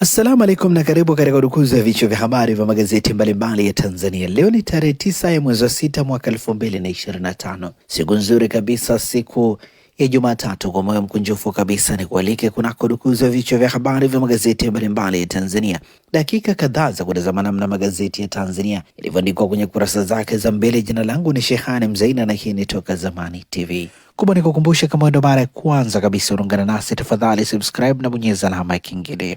Assalamu alaikum na karibu katika udukuzi ya vichwa vya habari vya magazeti mbalimbali ya Tanzania. Leo ni tarehe tisa ya mwezi wa sita mwaka elfu mbili na ishirini na tano. Siku nzuri kabisa, siku ya Jumatatu. Kwa moyo mkunjufu kabisa ni kualike kunako dukuzi ya vichwa vya habari vya magazeti mbalimbali ya Tanzania, dakika kadhaa za kutazama namna magazeti ya Tanzania ilivyoandikwa kwenye kurasa zake za mbele. Jina langu ni Shehani Mzaina na hii ni Toka Zamani TV. Kumbe nikukumbusha, kama ndo mara ya kwanza kabisa unaungana nasi, tafadhali subscribe na bonyeza alama ya kengele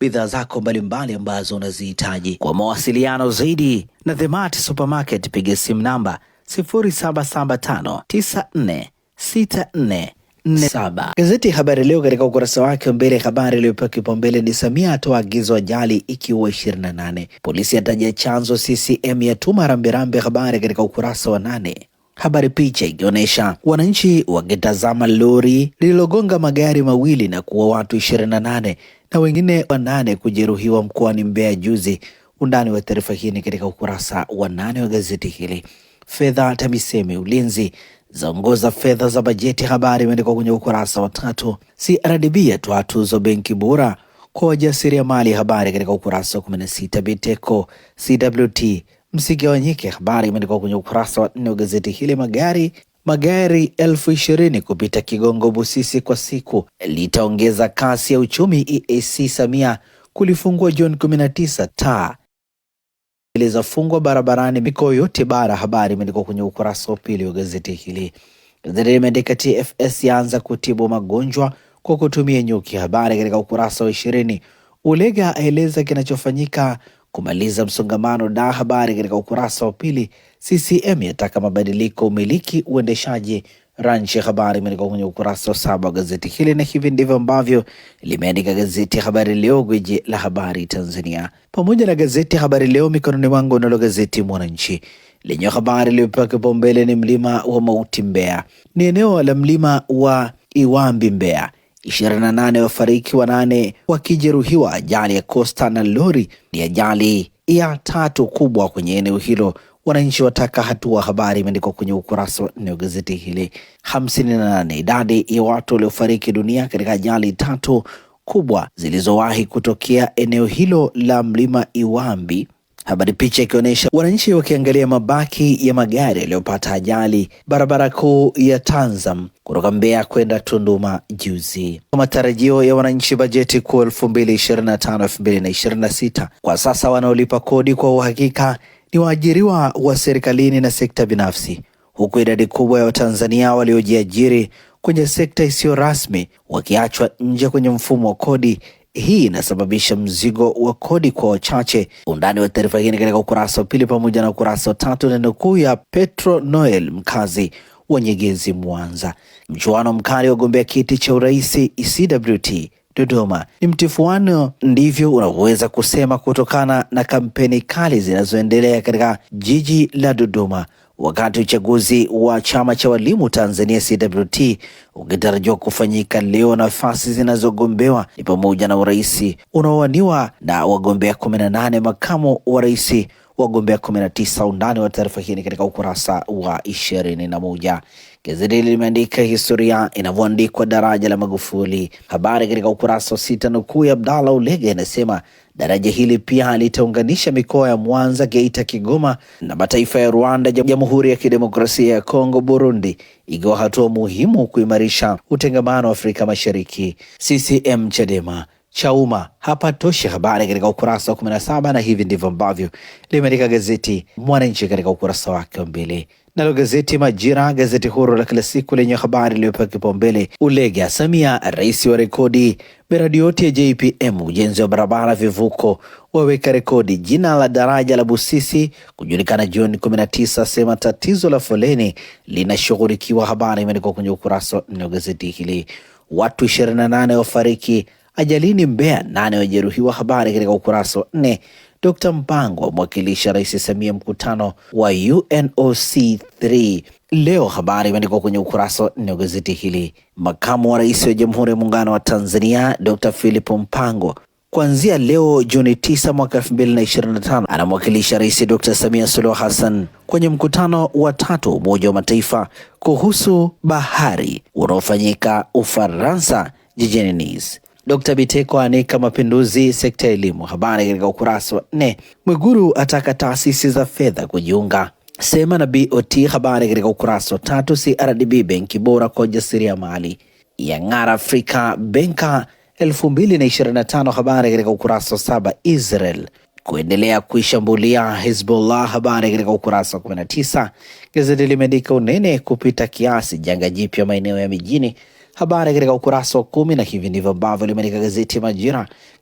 bidhaa zako mbalimbali ambazo unazihitaji. Kwa mawasiliano zaidi na The Mart Supermarket, piga simu namba 0775946447. Gazeti ya Habari Leo katika ukurasa wake wa mbele, habari iliyopewa kipaumbele ni Samia atoa agizo ajali ikiua 28, polisi ataja chanzo, CCM yatuma rambirambi, habari katika ukurasa wa nane habari picha ikionyesha wananchi wakitazama lori lililogonga magari mawili na kuwa watu 28 na wengine wanane kujeruhiwa mkoani Mbeya juzi. Undani wa taarifa hii ni katika ukurasa wa nane wa gazeti hili. Fedha TAMISEMI ulinzi zaongoza fedha za bajeti, habari imeandikwa kwenye ukurasa wa tatu. CRDB yatoa tuzo benki bora kwa wajasiriamali, habari katika ukurasa wa sita. Biteko CWT msigawanyike, habari imeandikwa kwenye ukurasa wa nne wa gazeti hili. Magari magari elfu ishirini kupita Kigongo Busisi kwa siku litaongeza kasi ya uchumi. EAC Samia kulifungua Juni 19 taa zilizofungwa barabarani mikoa yote bara. Habari imeandikwa kwenye ukurasa wa pili wa gazeti hili. Gazeti limeandika TFS yaanza kutibu magonjwa kwa kutumia nyuki, habari katika ukurasa wa ishirini. Ulega aeleza kinachofanyika kumaliza msongamano. Na habari katika ukurasa wa pili, CCM yataka mabadiliko umiliki uendeshaji ranchi ya habari imeandikwa kwenye ukurasa wa saba wa gazeti hili, na hivi ndivyo ambavyo limeandika gazeti ya Habari Leo, gwiji la habari Tanzania, pamoja na gazeti ya Habari Leo mikononi mwangu. unalo gazeti Mwananchi lenye habari iliyopewa kipaumbele ni mlima wa mauti Mbeya, ni eneo la mlima wa Iwambi Mbeya 28 wafariki, wanane wakijeruhiwa. Ajali ya kosta na lori ni ajali ya tatu kubwa kwenye eneo hilo. Wananchi wataka hatua. Habari imeandikwa kwenye ukurasa wa nne wa gazeti hili. 58 idadi ya watu waliofariki dunia katika ajali tatu kubwa zilizowahi kutokea eneo hilo la mlima Iwambi Habari picha ikionyesha wananchi wakiangalia mabaki ya magari yaliyopata ajali barabara kuu ya Tanzam kutoka Mbeya kwenda Tunduma juzi. Kwa matarajio ya wananchi bajeti kuu 2025 2026, kwa sasa wanaolipa kodi kwa uhakika ni waajiriwa wa serikalini na sekta binafsi, huku idadi kubwa ya Watanzania waliojiajiri kwenye sekta isiyo rasmi wakiachwa nje kwenye mfumo wa kodi hii inasababisha mzigo wa kodi kwa wachache. Undani wa taarifa hii ni katika ukurasa wa pili pamoja na ukurasa wa tatu, na nukuu ya Petro Noel, mkazi wa Nyegezi, Mwanza. Mchuano mkali wa gombea kiti cha urais e CWT Dodoma ni mtifuano, ndivyo unavyoweza kusema kutokana na kampeni kali zinazoendelea katika jiji la Dodoma wakati uchaguzi wa chama cha walimu Tanzania CWT ukitarajiwa kufanyika leo, nafasi zinazogombewa ni pamoja na urais unaowaniwa na wagombea 18, makamu wa rais wagombea 19. Undani wa taarifa hii ni katika ukurasa wa 21. Gazeti hili limeandika historia inavyoandikwa daraja la Magufuli. Habari katika ukurasa wa sita, nukuu ya Abdalla Ulega inasema Daraja hili pia litaunganisha mikoa ya Mwanza, Geita, Kigoma na mataifa ya Rwanda, Jamhuri ya Kidemokrasia ya Kongo, Burundi, ikiwa hatua muhimu kuimarisha utengamano wa Afrika Mashariki. CCM Chadema cha umma Hapa toshi Habari katika ukurasa wa 17, na hivi ndivyo ambavyo limeandika gazeti Mwananchi katika ukurasa wake wa mbili. Nalo gazeti Majira, gazeti huru la kila siku lenye habari iliyopewa kipaumbele, Ulege Samia, rais wa rekodi, miradi yote ya JPM, ujenzi wa barabara, vivuko waweka rekodi, jina la daraja la Busisi kujulikana Juni 19, sema tatizo la foleni linashughulikiwa. Habari imeandikwa kwenye ukurasa wa nne wa gazeti hili. Watu 28 wafariki ajalini Mbeya nane anayojeruhiwa. Habari katika ukurasa wa nne. Dkt Mpango amwakilisha Rais Samia mkutano wa UNOC 3 leo. Habari imeandikwa kwenye ukurasa wa nne wa gazeti hili. Makamu wa Rais wa Jamhuri ya Muungano wa Tanzania Dr Philip Mpango kuanzia leo Juni 9 mwaka 2025 anamwakilisha Rais Dr Samia Suluhu Hassan kwenye mkutano wa tatu wa Umoja wa Mataifa kuhusu bahari unaofanyika Ufaransa jijini Nice. Dkt. Biteko anika mapinduzi sekta ya elimu, habari katika ukurasa wa nne. Mwiguru ataka taasisi za fedha kujiunga sema na BOT, habari katika ukurasa wa tatu. CRDB benki bora kwa ujasiriamali ng'ara Afrika benka 2025 habari katika ukurasa wa saba. Israel kuendelea kuishambulia Hezbollah, habari katika ukurasa wa 19. Gazeti limeandika unene kupita kiasi, janga jipya maeneo ya mijini habari katika ukurasa wa kumi, na hivi ndivyo ambavyo limeandika gazeti ya Majira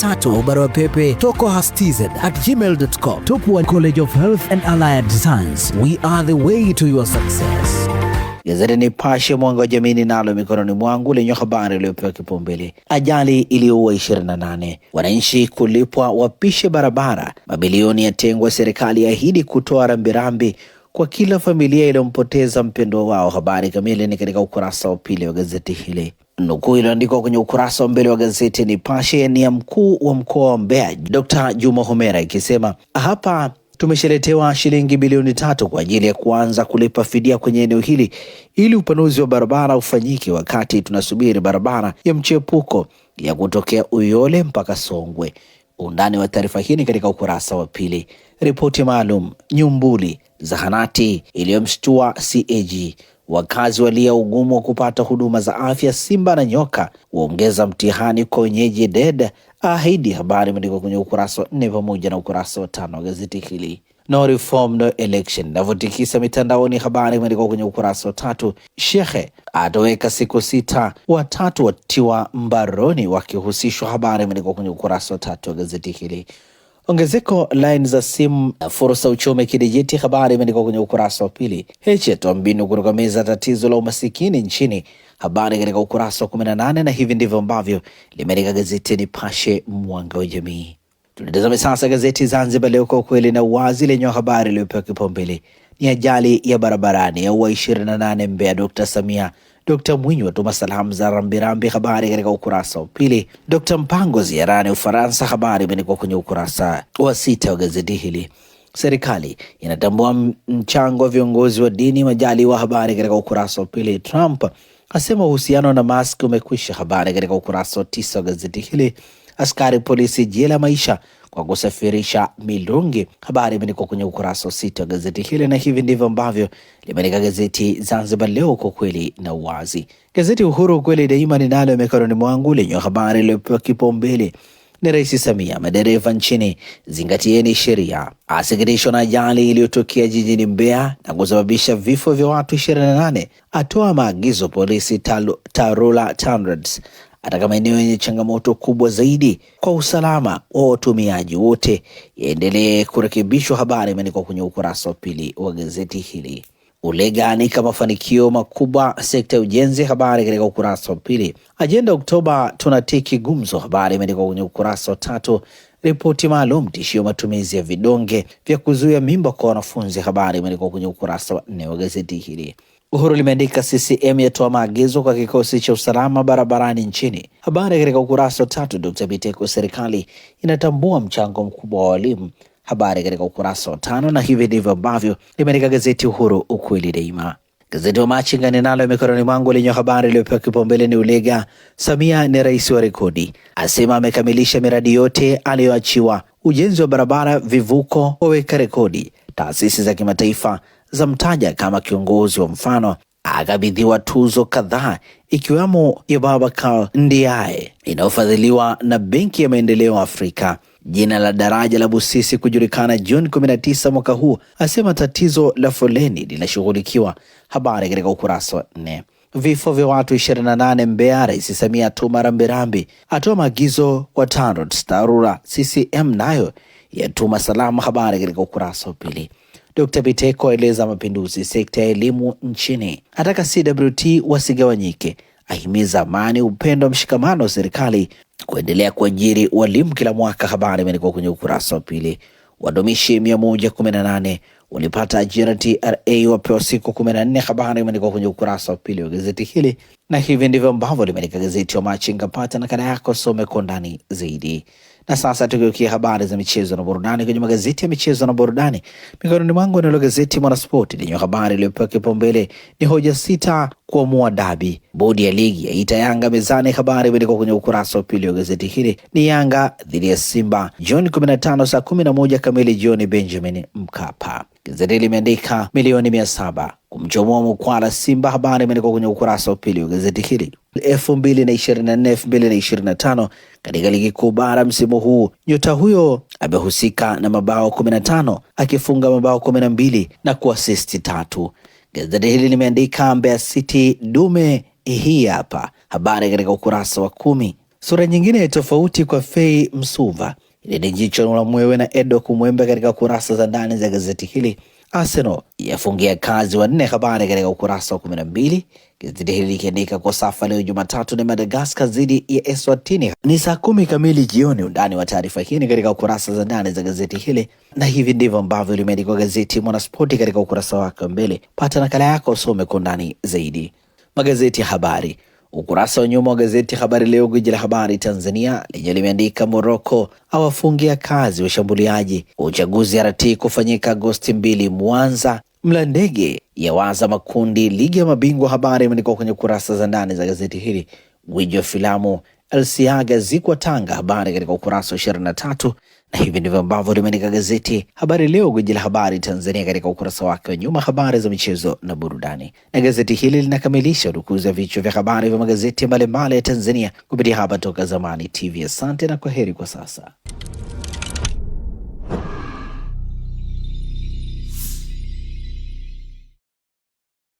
tatu barua pepe tokohastz at gmail.com. Tupwa College of Health and Allied Science, we are the way to your success. Gazeti Nipashe mwanga wa jamii ninalo mikononi mwangu lenye habari iliyopewa kipaumbele: ajali iliyoua 28, wananchi kulipwa wapishe barabara, mabilioni yatengwa, serikali yaahidi kutoa rambirambi kwa kila familia iliyompoteza mpendwa wao. Habari kamili ni katika ukurasa wa pili wa gazeti hili. Nukuu iliyoandikwa kwenye ukurasa wa mbele wa gazeti Nipashe ni ya mkuu wa mkoa wa Mbeya d Juma Homera ikisema hapa tumesheletewa shilingi bilioni tatu kwa ajili ya kuanza kulipa fidia kwenye eneo hili ili upanuzi wa barabara ufanyike, wakati tunasubiri barabara ya mchepuko ya kutokea Uyole mpaka Songwe. Undani wa taarifa hii ni katika ukurasa wa pili. Ripoti maalum Nyumbuli zahanati iliyomshtua CAG. Wakazi walia ugumu wa kupata huduma za afya. Simba na nyoka waongeza mtihani kwa wenyeji. ded ahidi. Habari imeandikwa kwenye ukurasa wa nne pamoja na ukurasa wa tano wa gazeti hili. No reform no election inavyotikisa mitandaoni. Habari imeandikwa kwenye ukurasa wa tatu. Shekhe atoweka siku sita, watatu watiwa mbaroni wakihusishwa. Habari imeandikwa kwenye ukurasa wa tatu wa gazeti hili. Ongezeko laini za simu na fursa uchumi kidijiti. Habari imeandikwa kwenye ukurasa wa pili. Heche atoa mbinu kutokomeza tatizo la umasikini nchini, habari katika ukurasa wa 18, na hivi ndivyo ambavyo limeandika gazeti Nipashe mwanga wa jamii. Tunatazame sasa gazeti Zanzibar Leo, kwa ukweli na uwazi, lenye wa habari iliyopewa kipaumbele ni ajali ya barabarani ya ua 28 Mbeya, Dkt Samia Dr Mwinyi watuma salamu za rambirambi. Habari katika ukurasa wa pili. Dr Mpango ziarani Ufaransa, habari imeandikwa kwenye ukurasa wa sita wa gazeti hili. Serikali inatambua mchango wa viongozi wa dini Majaliwa, habari katika ukurasa wa pili. Trump asema uhusiano na Musk umekwisha, habari katika ukurasa wa tisa wa gazeti hili askari polisi jela maisha kwa kusafirisha milungi. Habari imeandikwa kwenye ukurasa wa sita wa gazeti hili, na hivi ndivyo ambavyo limeandika gazeti Zanzibar Leo, kwa kweli na uwazi. Gazeti Uhuru, kweli daima, ninalo mikononi mwangu lenye habari iliyopewa kipaumbele ni Rais Samia, madereva nchini zingatieni sheria. Asikitishwa na ajali iliyotokea jijini Mbeya na kusababisha vifo vya watu 28, atoa maagizo polisi. tarula TANROADS katika maeneo yenye changamoto kubwa zaidi kwa usalama wa watumiaji wote yaendelee kurekebishwa. Habari imeandikwa kwenye ukurasa wa pili wa gazeti hili. Ulega anika mafanikio makubwa sekta ya ujenzi, habari katika ukurasa wa pili. Ajenda Oktoba tunatiki gumzo, habari imeandikwa kwenye ukurasa wa tatu. Ripoti maalum tishio matumizi ya vidonge vya kuzuia mimba kwa wanafunzi, habari imeandikwa kwenye ukurasa wa nne wa gazeti hili. Uhuru limeandika CCM yatoa maagizo kwa kikosi cha usalama barabarani nchini. Habari katika ukurasa wa tatu. Dr. Biteko, serikali inatambua mchango mkubwa wa walimu. Habari katika ukurasa wa tano, na hivi ndivyo ambavyo limeandika gazeti Uhuru, ukweli daima. Gazeti wa Machinga ninalo mikononi mwangu lenye habari iliyopewa kipaumbele ni Ulega, Samia ni rais wa rekodi, asema amekamilisha miradi yote aliyoachiwa, ujenzi wa barabara, vivuko waweka rekodi, taasisi za kimataifa za mtaja kama kiongozi wa mfano. Akabidhiwa tuzo kadhaa ikiwemo ya Babacar Ndiaye inayofadhiliwa na Benki ya Maendeleo Afrika. Jina la daraja la Busisi kujulikana Juni 19 mwaka huu, asema tatizo la foleni linashughulikiwa. Habari katika ukurasa wa nne. Vifo vya watu 28 Mbeya. Rais Samia atuma rambirambi, atoa maagizo kwa TANROADS, TARURA, CCM nayo yatuma salamu. Habari katika ukurasa wa pili. Dkt. Biteko aeleza mapinduzi sekta ya elimu nchini, ataka CWT wasigawanyike, ahimiza amani, upendo, mshikamano wa serikali kuendelea kuajiri walimu kila mwaka. Habari imeandikwa kwenye ukurasa wa pili. Wadumishi 118 walipata ajira TRA wapewa siku 14. Habari imeandikwa kwenye ukurasa wa pili wa gazeti hili, na hivi ndivyo ambavyo limeandika gazeti wa Machinga. Pata nakala yako, some kwa ndani zaidi. Na sasa tukiukia habari za michezo na burudani kwenye magazeti ya michezo na burudani mikononi mwangu, analo gazeti Mwanaspoti lenye habari iliyopewa kipaumbele ni hoja sita kuamua dabi, bodi ya ligi yaita Yanga mezani. Habari imeandikwa kwenye ukurasa wa pili wa gazeti hili. Ni Yanga dhidi ya Simba Juni 15 saa 11 kamili jioni, Benjamin Mkapa. Gazeti limeandika milioni mia saba kumchomoa Mukwala Simba. Habari imeandikwa kwenye ukurasa wa pili wa gazeti hili. elfu mbili na ishirini na nne elfu mbili na ishirini na tano katika ligi kuu bara msimu huu nyota huyo amehusika na mabao kumi na tano akifunga mabao kumi na mbili na kuasisti tatu. Gazeti hili limeandika Mbeya City dume hii hapa, habari katika ukurasa wa kumi. Sura nyingine tofauti kwa Fei Msuva ni jicho la mwewe na Edo kumwembe katika kurasa za ndani za gazeti hili. Arsenal yafungia kazi wanne, habari katika ukurasa wa kumi na mbili. Gazeti hili likiandika kwa safa leo Jumatatu na Madagascar dhidi ya Eswatini ni saa kumi kamili jioni. Undani wa taarifa hii ni katika ukurasa za ndani za gazeti hili, na hivi ndivyo ambavyo limeandikwa gazeti Mwanaspoti katika ukurasa wake wa mbele. Pata nakala yako usome kwa undani zaidi magazeti ya habari Ukurasa wa nyuma wa gazeti Habari Leo, gwiji la habari Tanzania, lenye limeandika Moroko awafungia kazi washambuliaji, uchaguzi RT kufanyika Agosti mbili Mwanza, mla ndege yawaza makundi ligi ya mabingwa. Habari imeandikwa kwenye kurasa za ndani za gazeti hili. Gwiji wa filamu Elsiaga zikwa Tanga, habari katika ukurasa wa ishirini na tatu na hivi ndivyo ambavyo limeandika gazeti Habari Leo, gwiji la habari Tanzania, katika ukurasa wake wa nyuma, habari za michezo na burudani. Na gazeti hili linakamilisha udukuzi wa vichwa vya habari vya magazeti mbalimbali ya Tanzania kupitia hapa Toka Zamani TV. Asante na kwaheri kwa sasa.